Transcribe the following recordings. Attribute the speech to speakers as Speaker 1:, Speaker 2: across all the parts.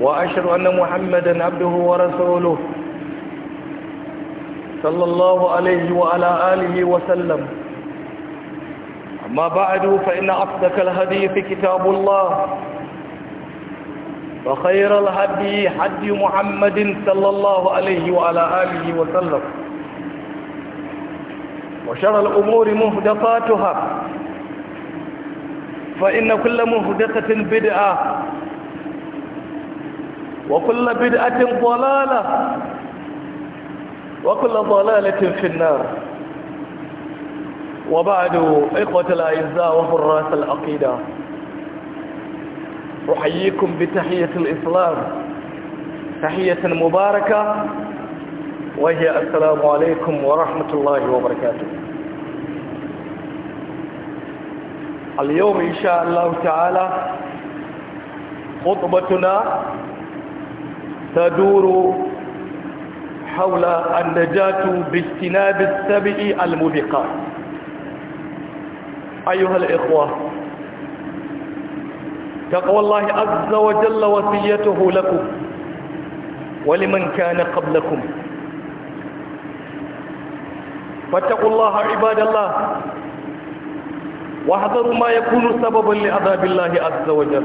Speaker 1: وأشهد أن محمدا عبده ورسوله صلى الله عليه وعلى آله وسلم أما بعد فإن أصدق الهدي في كتاب الله وخير الهدي هدي محمد صلى الله عليه وعلى آله وسلم وشر الأمور مهدفاتها فإن كل مهدفة بدعة وكل بدعة ضلالة وكل ضلالة في النار وبعد إخوة الأعزاء وحراس العقيدة أحييكم بتحية الإسلام تحية مباركة وهي السلام عليكم ورحمة الله وبركاته اليوم إن شاء الله تعالى خطبتنا تدور حول النجاة باجتناب السبع الموبقات أيها الإخوة تقوى الله عز وجل وصيته لكم ولمن كان قبلكم فاتقوا الله عباد الله واحذروا ما يكون سببا لعذاب الله عز وجل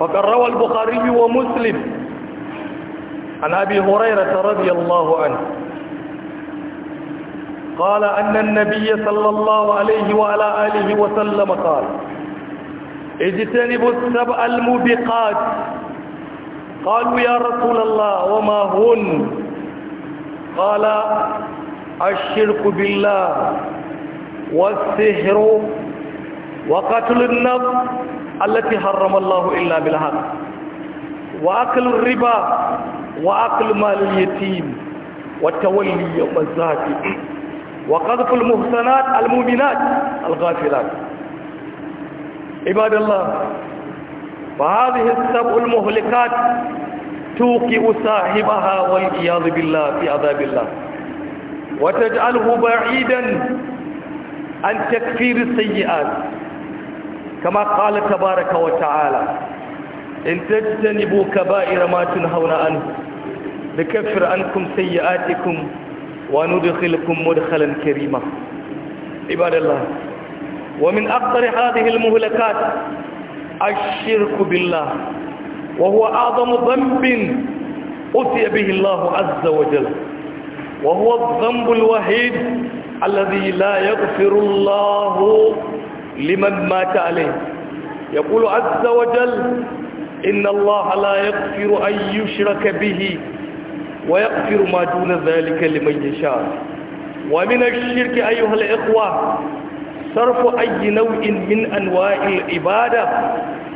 Speaker 1: فقد روى البخاري ومسلم عن أبي هريرة رضي الله عنه قال أن النبي صلى الله عليه وعلى آله وسلم قال اجتنبوا السبع الموبقات قالوا يا رسول الله وما هن قال الشرك بالله والسحر وقتل النفس التي حرم الله إلا بالحق وأكل الربا وأكل مال اليتيم والتولي يوم الزاكي وقذف المحسنات المؤمنات الغافلات عباد الله فهذه السبع المهلكات توقئ صاحبها والعياذ بالله في عذاب الله وتجعله بعيدا عن تكفير السيئات كما قال تبارك وتعالى إن تجتنبوا كبائر ما تنهون عنه نكفر عنكم سيئاتكم وندخلكم مدخلا كريما عباد الله ومن أكثر هذه المهلكات الشرك بالله وهو أعظم ذنب أتي به الله عز وجل وهو الذنب الوحيد الذي لا يغفر الله لمن مات عليه يقول عز وجل إن الله لا يغفر أن يشرك به ويغفر ما دون ذلك لمن يشاء ومن الشرك أيها الإخوة صرف أي نوع من أنواع العبادة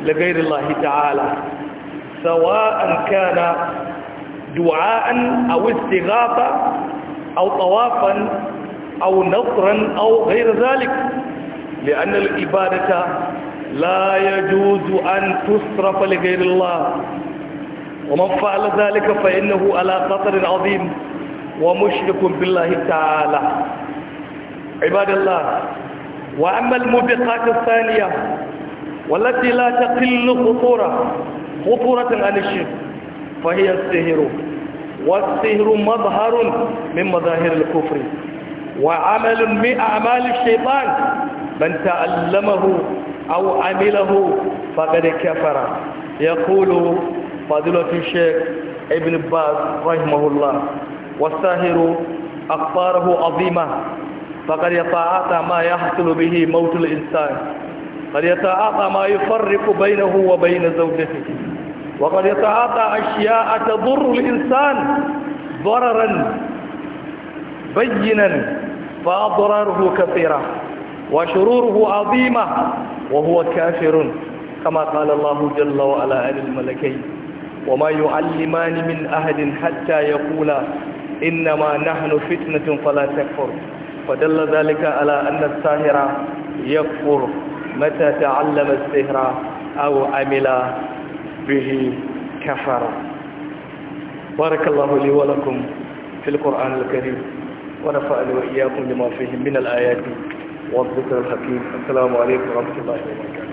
Speaker 1: لغير الله تعالى سواء كان دعاء أو استغاثة أو طوافا أو نصرا أو غير ذلك لأن الإبادة لا يجوز أن تصرف لغير الله ومن فعل ذلك فإنه على خطر عظيم ومشرك بالله تعالى عباد الله وأما الموبقات الثانية والتي لا تقل خطورة خطورة عن الشرك فهي السهر والسهر مظهر من مظاهر الكفر وعمل من أعمال الشيطان من تعلمه أو عمله فقد كفر يقول فضيلة الشيخ ابن باز رحمه الله والساهر أخطاره عظيمة فقد يتعاطى ما يحصل به موت الإنسان قد يتعاطى ما يفرق بينه وبين زوجته وقد يتعاطى أشياء تضر الإنسان ضررا بينا فأضراره كثيرة وشروره عظيمة وهو كافر كما قال الله جل وعلا عن الملكين وما يعلمان من أحد حتى يقولا إنما نحن فتنة فلا تكفر فدل ذلك على أن الساهر يكفر متى تعلم السهر أو عمل به كفر بارك الله لي ولكم في القرآن الكريم ونفعني وإياكم لما فيه من الآيات والذكر الحكيم السلام عليكم ورحمة الله وبركاته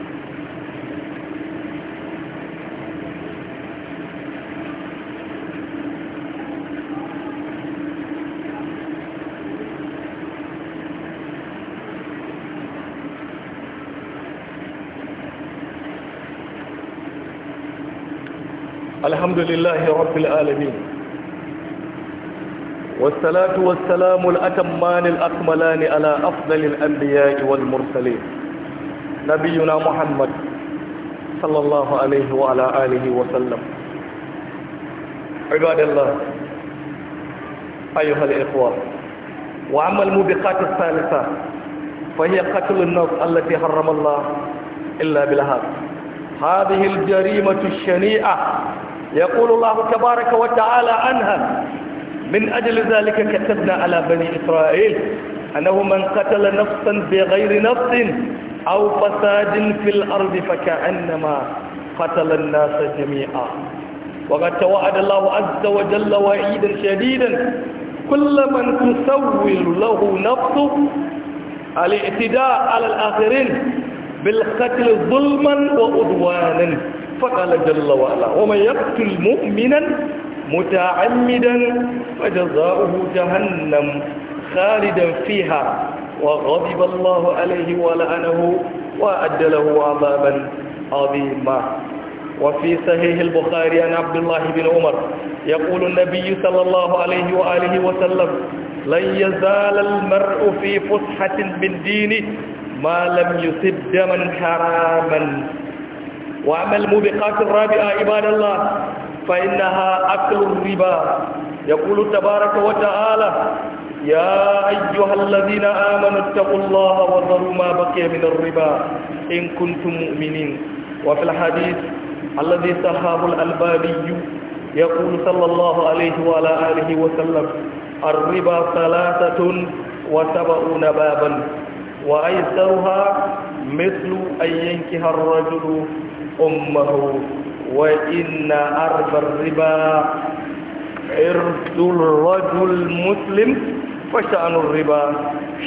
Speaker 1: الحمد لله رب العالمين والصلاة والسلام الأتمان الأكملان على أفضل الأنبياء والمرسلين نبينا محمد صلى الله عليه وعلى آله وسلم عباد الله أيها الإخوة وأما الموبقات الثالثة فهي قتل النفس التي حرم الله إلا بالهاب هذه الجريمة الشنيعة يقول الله تبارك وتعالى عنها من أجل ذلك كتبنا على بني إسرائيل أنه من قتل نفسا بغير نفس أو فساد في الأرض فكأنما قتل الناس جميعا وقد توعد الله عز وجل وعيدا شديدا كل من تسول له نفسه الاعتداء على الآخرين بالقتل ظلما وعدوانا فقال جل وعلا ومن يقتل مؤمنا متعمدا فجزاؤه جهنم خالدا فيها وغضب الله عليه ولعنه وأد له عذابا عظيما وفي صحيح البخاري عن عبد الله بن عمر يقول النبي صلى الله عليه وآله وسلم لن يزال المرء في فسحة من دينه ما لم يصب دما حراما وعمل مبقات الرابعة عباد الله فإنها أكل الربا يقول تبارك وتعالى يا أيها الذين آمنوا اتقوا الله وذروا ما بقي من الربا إن كنتم مؤمنين وفي الحديث الذي صحاب الألباني يقول صلى الله عليه وعلى آله وسلم الربا ثلاثة وسبعون بابا وأيسرها مثل أن ينكح الرجل أمه وإن أرض الربا عرض الرجل المسلم فشأن الربا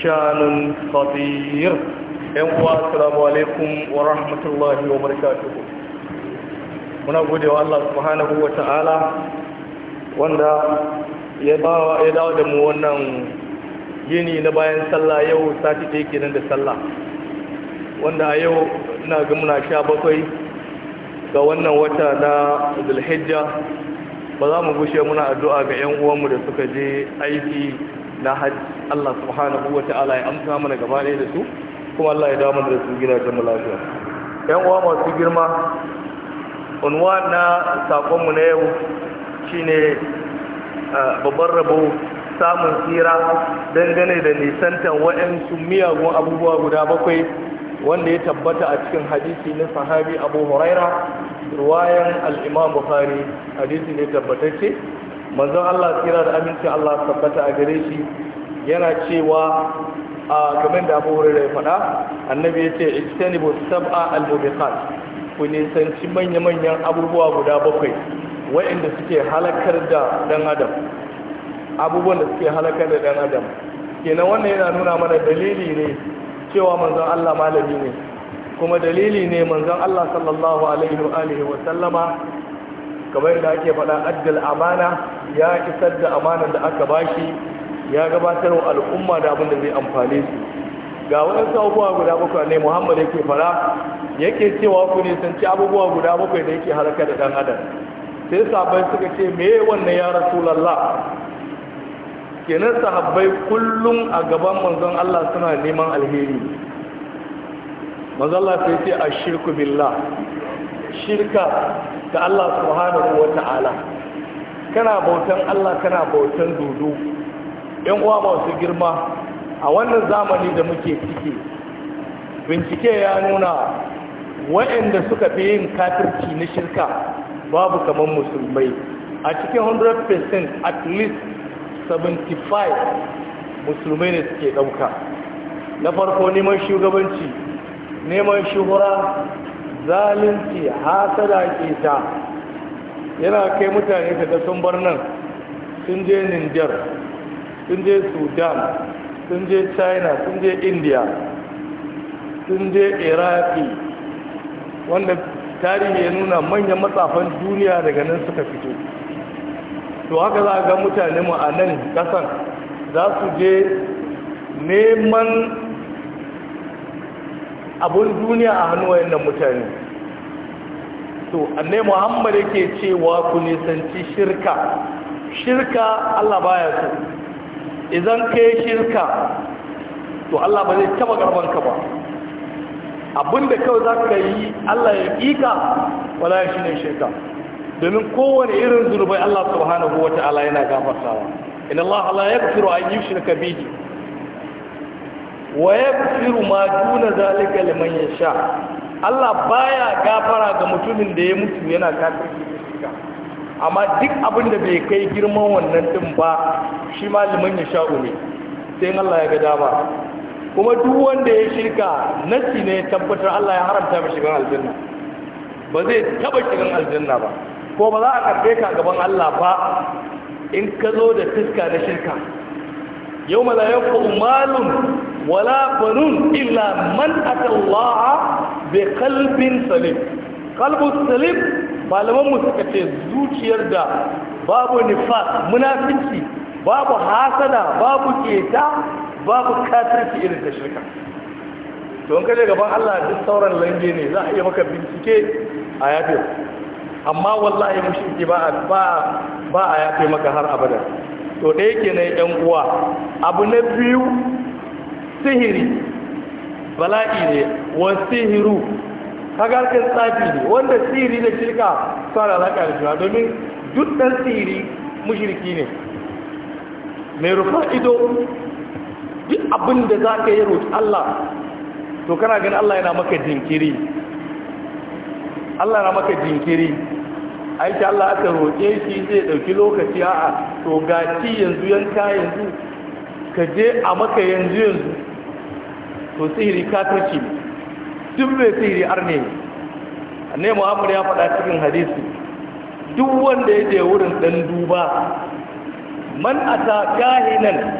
Speaker 1: شأن خطير السلام عليكم ورحمة الله وبركاته muna gode الله سبحانه وتعالى wa ta'ala wanda ya yini na bayan sallah yau sati ɗaya kenan da sallah wanda a yau ina ga muna sha bakwai ga wannan wata na zulhijja ba za mu gushe muna addu'a ga 'yan uwanmu da suka je aiki na hajji Allah subhanahu wa ta'ala ya amsa mana gaba ɗaya da su kuma Allah ya damu da su gina ta lafiya ƴan uwa masu girma unwa na mu na yau shine babban rabo samun tsira dangane da nisantan waɗansu miyagun abubuwa guda bakwai wanda ya tabbata a cikin hadisi na sahabi abu huraira ruwayan al'imam Buhari, hadisi ne tabbatacce manzon allah tsira da aminci allah tabbata a gare shi yana cewa a gamin da abu huraira ya faɗa annabi ya ce istanibu sab'a al-mubiqat ku nisanci manya-manyan abubuwa guda bakwai wa'inda suke halakar da dan adam abubuwan da suke halakar da dan adam kenan wannan yana nuna mana dalili ne cewa manzon Allah malami ne kuma dalili ne manzon Allah sallallahu alaihi wa alihi wa sallama kamar yadda ake faɗa addal amana ya isar da amanar da aka bashi ya gabatar wa al'umma da abin da zai amfane su ga waɗansu abubuwa guda bakwai ne muhammad yake fara yake cewa ku ne sun ci abubuwa guda bakwai da yake harkar da ɗan adam sai sabai suka ce me wannan ya rasulallah kenan sahabbai kullum a gaban manzon Allah suna neman alheri manzon Allah sai ce ashirku billah shirka da Allah subhanahu wa ta'ala kana bautan Allah kana bautan dudu yan uwa masu girma a wannan zamani da muke ciki bincike ya nuna waɗanda suka fi yin kafirci na shirka babu kamar musulmai a cikin 100% at least 75 musulmai ne suke ɗauka na farko neman shugabanci neman shuhura zalunci hasada ta yana kai mutane daga sun bar nan sun je niger sun je sudan sun je china sun je india sun je iraki wanda tarihi ya nuna manyan matsafan duniya daga nan suka fito to haka za a ga mutane mu a nan kasan za su je neman abun duniya a wa wayannan mutane to annai muhammad yake cewa ku nisanci shirka shirka Allah baya so idan kai shirka to Allah ba zai taba karban ba abinda kawai za zaka yi Allah ya ka, wala shi ne shirka domin kowane irin zunubai Allah subhanahu wa ta'ala yana gafartawa in Allah la yaghfiru an yushraka bihi wa yaghfiru ma duna zalika liman yasha Allah baya gafara ga mutumin da ya mutu yana kafin shirka amma duk abin da bai kai girman wannan din ba shi ma liman yasha ne sai Allah ya ga dama kuma duk wanda ya shirka nasi ne tabbatar Allah ya haramta mashi shigan aljanna ba zai taba shigan aljanna ba ko ba za a karɓe ka gaban Allah ba in ka zo da fiska da shirka yau ma la malun wala banun illa man ata Allah bi qalbin salim qalbu salim malaman mu suka ce zuciyar da babu nifas munafunci, babu hasada babu keta babu kafirci irin ta shirka to in ka je gaban Allah duk sauran lange ne za a iya maka bincike a yafe amma wallahi mushriki ba ba ba a yafe maka har abada to da yake ne yan uwa abu na biyu sihiri bala'i ne wa sihiru kagarkin tsafi ne wanda sihiri da shirka fara alaƙa da juna domin duk ɗan sihiri mushriki ne mai rufa ido duk abin da za ka yi roƙi Allah to kana gani Allah yana maka jinkiri Allah yana maka jinkiri aiki Allah aka roƙe shi zai ɗauki lokaci a to ga ci yanzu yanka yanzu ka je a maka yanzu yanzu to sihiri ka ne duk mai sihiri arne ne muhammad ya faɗa cikin hadisi duk wanda ya je wurin ɗan duba man ata kahinan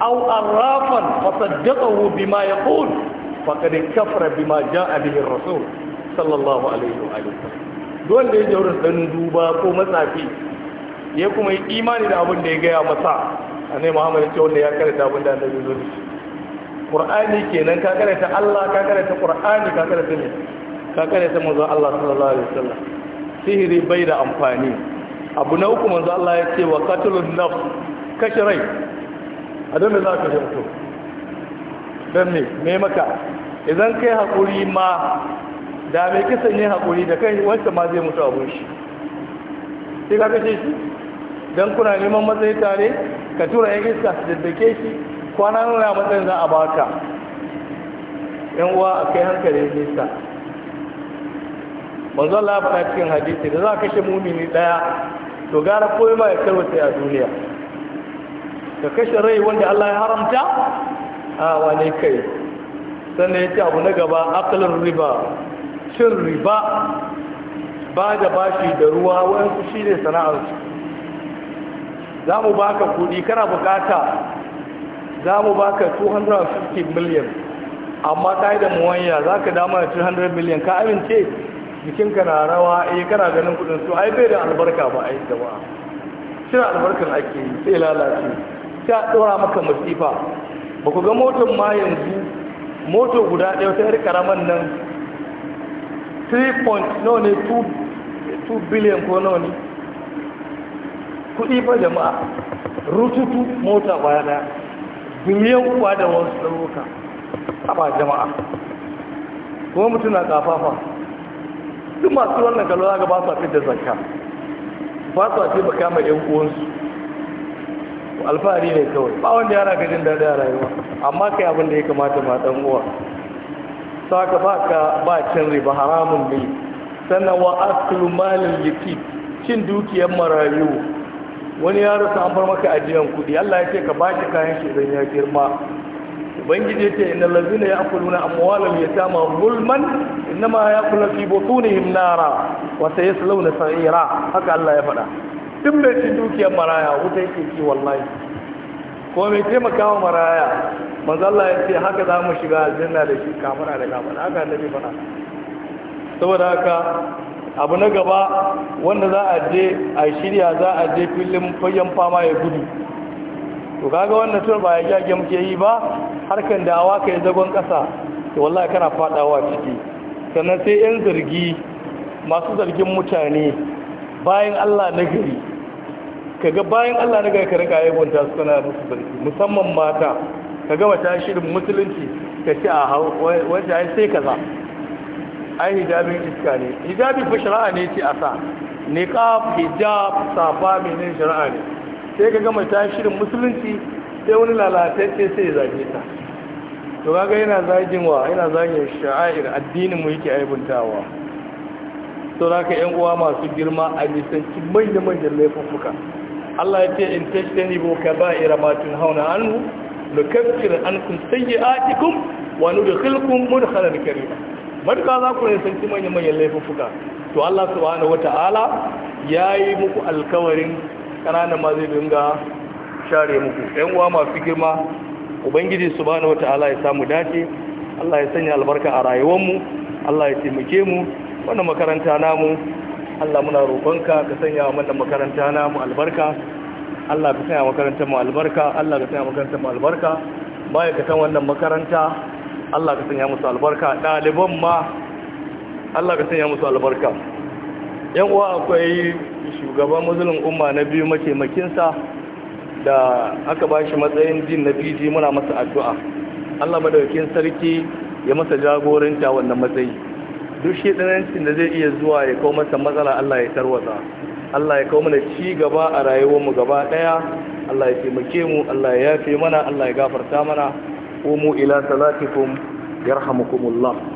Speaker 1: aw arrafan fasaddaqahu bima yaqul faqad kafara bima jaa bihi rasul sallallahu alaihi wa alihi Don da ya jaura dan duba ko matsafi ya kuma yi imani da abin da ya gaya masa A muhammad ya ce wanda ya karanta abin da annabi zo shi qur'ani kenan ka karanta Allah ka karanta qur'ani ka karanta ne ka karanta manzo Allah sallallahu alaihi wasallam sihiri bai da amfani abu na uku manzo Allah ya ce wa qatlun nafs kashe rai a don za ka kashe mutum don ne me maka idan kai hakuri ma da mai kisan yin haƙuri da kai wancan ma zai mutu abun shi sai ka kashe shi don kuna neman matsayi tare ka tura yan iska su dake shi kwana nuna matsayin za a baka yan uwa a kai hankali nisa manzo Allah faɗa cikin hadisi da za a kashe mumini daya to gara koyi ma ya karwata a duniya ka kashe rai wanda Allah ya haramta a wane kai sannan ya ce abu na gaba akalin riba cin riba ba da bashi da ruwa wani shi ne su? za mu baka kudi kana bukata za mu baka 250 miliyan amma ta yi da muwanya za ka dama da 200 miliyan ka amince jikinka na rawa eh kana ganin kudin su ai bai da albarka ba yi da ba cire albarkar ake yi sai lalace sai a maka masifa ba ku ga motar ma yanzu moto guda ɗaya ta yi karamar nan 3 point nawa ne 2 billion ko nawa ne kudi ba jama'a rututu mota baya daya biliyan kuwa da wasu tsaruka a ba jama'a kuma mutum na kafafa. duk masu wannan kalwa ga ba su fi da zakka ba su fi ba kama yan uwansu alfahari ne kawai ba wanda yara gajin daɗi a rayuwa amma kai abin da ya kamata ma ɗan uwa saka baka ba cin riba haramun ne sannan wa aklu malin cin dukiyar marayu wani ya rasa an bar maka ajiyan kudi Allah ya ce ka baki kayan shi dan ya girma ubangiji ya ce innal ladzina ya'kuluna amwalal yatama zulman innama ya'kuluna fi butunihim nara wa sayaslawna sa'ira haka Allah ya faɗa duk mai cin dukiyar maraya wuta yake ci wallahi ko mai taimakawa maraya mazalla ya ce haka za mu shiga aljanna da shi kamuna da kamuna haka annabi fara saboda haka abu na gaba wanda za a je a shirya za a je filin fagen fama ya gudu to kaga wannan tun ba ya jage muke yi ba harkan ka yi zagon kasa to wallahi kana fadawa ciki sannan sai yan zargi masu zargin mutane bayan Allah na gari kaga bayan Allah na gari ka rika aibunta su kana musu barki musamman mata ka gama shirin musulunci ka ce a hau wanda ai sai kaza ai hijabin iska ne hijabi fi shari'a ne ce a sa niqab hijab safa menene shari'a ne sai ka gama shirin musulunci sai wani lalatacce sai zage ta to kaga yana zagin wa yana zagin sha'air addinin mu yake aibuntawa to zaka yan uwa masu girma a nisanci manyan manyan laifuffuka Allah ya ce in tashtani bu kaba'ira ma hauna anhu an kun sayyi'atikum wa nudkhilkum mudkhalan karima ka za ku ne santi manyan manyan laifuka to Allah subhanahu wata'ala yayi muku alkawarin kanana ma zai dinga share muku ɗan uwa masu girma ubangiji subhanahu wata'ala ya samu dace Allah ya sanya albarka a rayuwar mu Allah ya taimake mu wannan makaranta namu Allah muna roƙonka ka sanya wa wannan makaranta na mu albarka Allah ka sanya makarantar mu albarka Allah ka sanya makarantar mu albarka baya ka san wannan makaranta Allah ka sanya musu albarka Daliban ma Allah ka sanya musu albarka yan uwa akwai shugaban musulun umma na biyu mataimakinsa da aka ba shi matsayin din na biji muna masa addu'a Allah madaukakin sarki ya masa jagoranta wannan matsayi duk shi ɗanancin da zai iya zuwa ya kawo masa matsala Allah ya tarwata Allah ya kawo mana ci gaba a rayuwar mu gaba ɗaya Allah ya taimake mu Allah ya yafe mana Allah ya gafarta mana umu ila salatikum yarhamukumullah